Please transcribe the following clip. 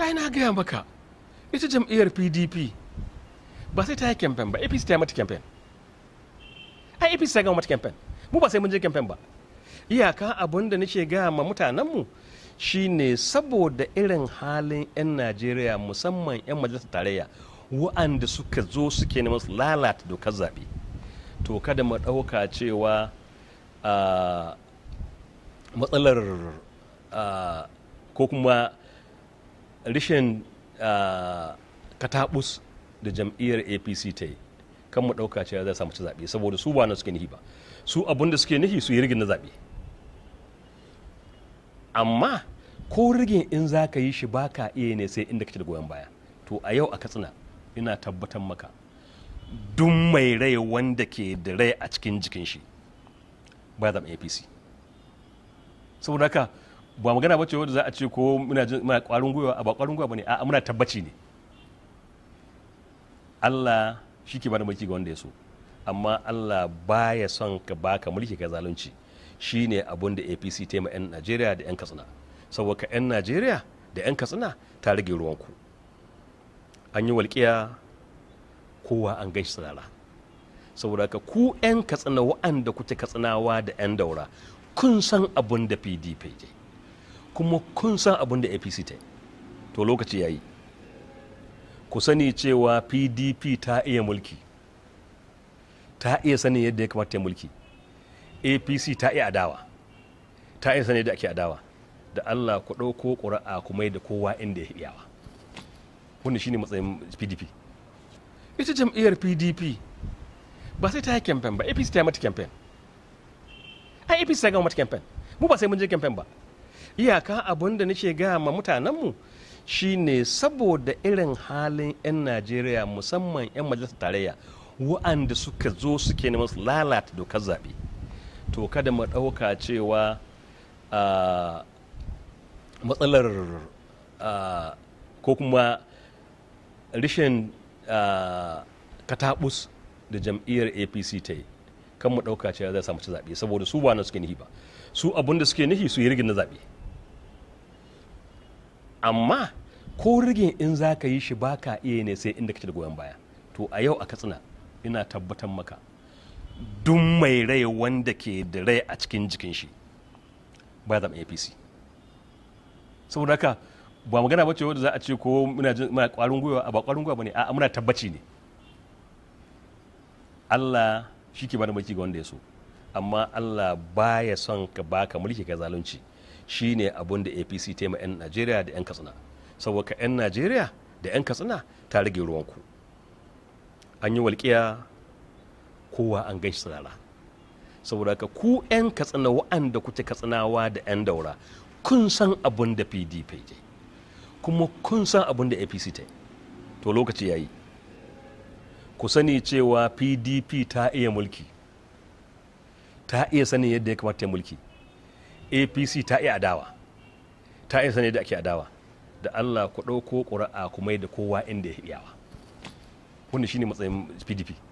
yayi na gaya maka ita jam'iyyar pdp ba sai ta yi campaign ba apc ta yi mata campaign ai apc ta gama mata campaign mu ba sai mun je campaign ba iyaka abun da nake gaya ma mutanenmu shine saboda irin halin 'yan najeriya musamman 'yan majalisar tarayya wa'anda suka zo suke neman su lalata dokar zaɓe to kada mu ɗauka cewa ah, matsalar ah, ko kuma rishin ah, katabus da jam'iyyar apc ta yi kan mu ɗauka cewa zai samu ci zaɓe saboda su ba na suke nihi ba su abun da suke nihi su yi rigin na zaɓe amma ko rigin in za ka yi shi ba ka iya ne sai inda kake da goyon baya to a yau a katsina ina tabbatar maka duk mai rai wanda ke da rai a cikin jikin shi ba zaɓen apc saboda haka ba magana ba ce wadda za a ce ko muna jin muna kwarin gwiwa a ba kwarin gwiwa bane a muna tabbaci ne Allah shi ke bada mulki ga wanda ya so amma Allah baya son ka baka mulki ka zalunci shine abun da APC ta ma 'yan Najeriya da 'yan Katsina saboda 'yan Najeriya da 'yan Katsina ta rage ruwanku an yi walƙiya kowa an gan shi tsirara saboda ka ku 'yan Katsina wa'anda kuke Katsinawa da 'yan Daura kun san abun da PDP ke kuma kun san abin da apc ta to lokaci ya yi ku sani cewa pdp ta iya mulki ta iya sanin yadda ya kamata ya mulki apc ta iya adawa ta iya sani yadda ake adawa da allah ku ɗauko ƙura'a kuma yadda kowa inda ya iyawa wani shine matsayin pdp ita jam'iyyar pdp ba sai ta yi kamfen ba apc ta yi mata kamfen ai apc ta gama mata kamfen mu ba sai mun je kamfen ba iyaka abun da nake ga ma mutanenmu shine saboda irin halin 'yan najeriya musamman 'yan majalisar tarayya wa'anda suka zo suke neman su lalata dokar zaɓe to kada mu ɗauka cewa matsalar ko kuma rishin katabus da jam'iyyar apc ta yi kan mu ɗauka cewa zai samu ci zaɓe saboda su ba na suke nihi ba su abun da suke nihi su yi rigin na zaɓe amma ko rigin in za ka yi shi ba ka iya ne sai inda ci da goyon baya to a yau a katsina ina tabbatar maka duk mai rai wanda ke da rai a cikin jikin shi ba zama apc saboda haka ba magana ba ce wadda za a ce ko muna kwarin gwiwa a ba kwarin gwiwa ba ne a muna tabbaci ne allah shi ke ba da mulki ga wanda ya so amma allah baya son ka baka mulki ka zalunci shine abun da apc ta ma 'yan najeriya da 'yan katsina saboda 'yan najeriya da 'yan katsina ta rage ruwanku an yi walƙiya kowa an gan shi tsirara saboda ka ku 'yan katsina wa'anda kuke katsinawa da 'yan daura kun san abun da pdp ta kuma kun san abun da apc ta to lokaci ya yi ku sani cewa pdp ta iya mulki ta iya sani yadda ya kamata ta mulki apc ta yi adawa ta yi sane da ake adawa da allah ku ɗauko ƙuri'a kuma da kowa inda ya iyawa wanda shine matsayin pdp